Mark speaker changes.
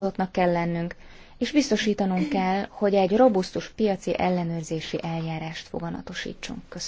Speaker 1: alkalmazottnak kell lennünk, és biztosítanunk kell, hogy egy robusztus piaci ellenőrzési eljárást foganatosítsunk. Köszönöm.